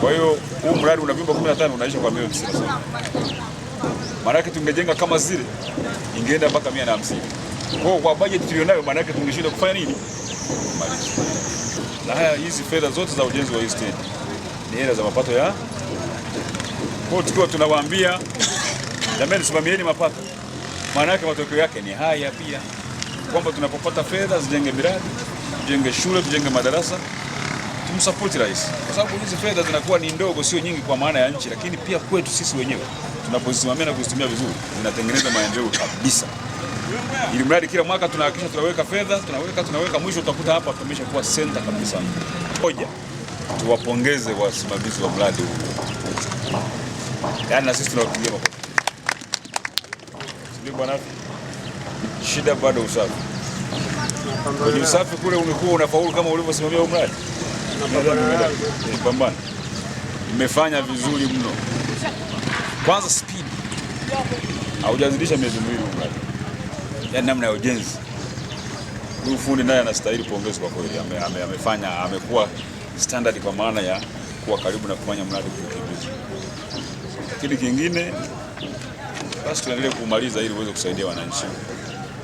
Kwa hiyo huu mradi una vyumba 15 unaisha kwa milioni 97. Maanake tungejenga kama zile ingeenda mpaka 150. Kwa hiyo kwa bajeti tulionayo maanake tungeshinda kufanya nini? Kumaliza. Na haya hizi fedha zote za ujenzi wa hii stendi ni hela za mapato ya. Kwa hiyo tukiwa tunawaambia jamani, simamieni mapato. yake matokeo yake ni haya pia kwamba tunapopata fedha zijenge miradi, tujenge shule, tujenge madarasa tumsupport rais, kwa sababu hizi fedha zinakuwa ni ndogo, sio nyingi kwa maana ya nchi, lakini pia kwetu sisi wenyewe tunapozisimamia na kuzitumia vizuri zinatengeneza maendeleo kabisa, ili mradi kila mwaka tunahakikisha tunaweka fedha, tunaweka tunaweka, mwisho utakuta hapa tumeshakuwa center kabisa. Moja, tuwapongeze wasimamizi wa mradi huu, yaani na sisi tunawapigia makofi. Sio bwana, shida bado usafi kwenye usafi kule umekuwa unafaulu kama ulivyosimamia huu mradi pambana. Mmefanya vizuri mno. Kwanza speed haujazidisha miezi miwili, yaani namna ya ujenzi. Huyu fundi naye anastahili pongezi kwa kweli, amefanya ame, amekuwa standard kwa maana ya kuwa karibu na kufanya mradi kukimbiza. Lakini kingine basi tuendelee kumaliza ili uweze kusaidia wananchi.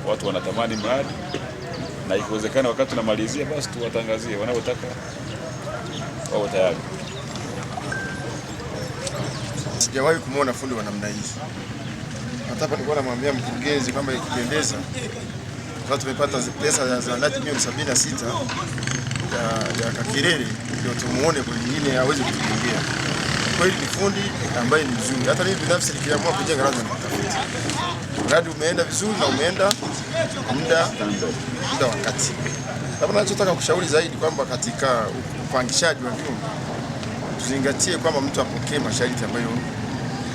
Watu wanatamani mradi na ikiwezekana, wakati tunamalizia basi tuwatangazie wanaotaka wako tayari. Sijawahi kumwona fundi wa namna hii. Hata hapa nilikuwa namwambia mkurugenzi kwamba ikipendeza, kwa tumepata pesa za laki milioni sabini na sita ya Kakirere ndio tumuone kwingine aweze kutukingia. Kweli ni fundi ambaye ni mzuri. Hata mimi binafsi nikiamua kujenga lazima nitafute. Mradi umeenda vizuri na umeenda muda muda wakati. Labda nachotaka kushauri zaidi kwamba katika upangishaji wa vyumba tuzingatie kwamba mtu apokee masharti ambayo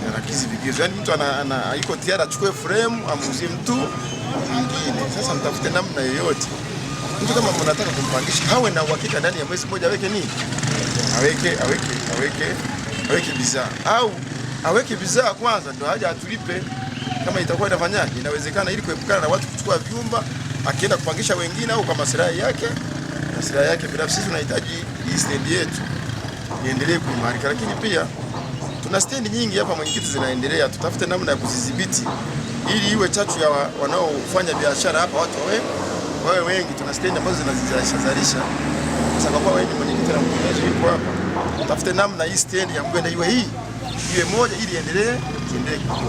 yanakizi vigezo, yaani mtu yuko tayari achukue frame amuzie mtu mwingine. Sasa mtafute namna yoyote, mtu kama mnataka kumpangisha hawe na uhakika ndani ya mwezi mmoja aweke nini, aweke aweke aweke aweke bidhaa au aweke bidhaa kwanza, ndio haja atulipe kama itakuwa inafanyaje, inawezekana, ili kuepukana na watu kuchukua vyumba, akienda kupangisha wengine au kwa maslahi yake maslahi yake binafsi. Sisi tunahitaji stendi yetu iendelee kuimarika, lakini pia tuna stendi nyingi hapa Mwenyekiti zinaendelea, tutafute namna ya kuzidhibiti ili iwe chachu ya wanaofanya biashara hapa, watu wawe wawe wengi. Tuna stendi ambazo zinazizalisha sasa, kwa wewe mwenyekiti na mtendaji yuko hapa, tutafute namna hii stendi ya Mgwenda iwe hii iwe moja ili iendelee iendelee.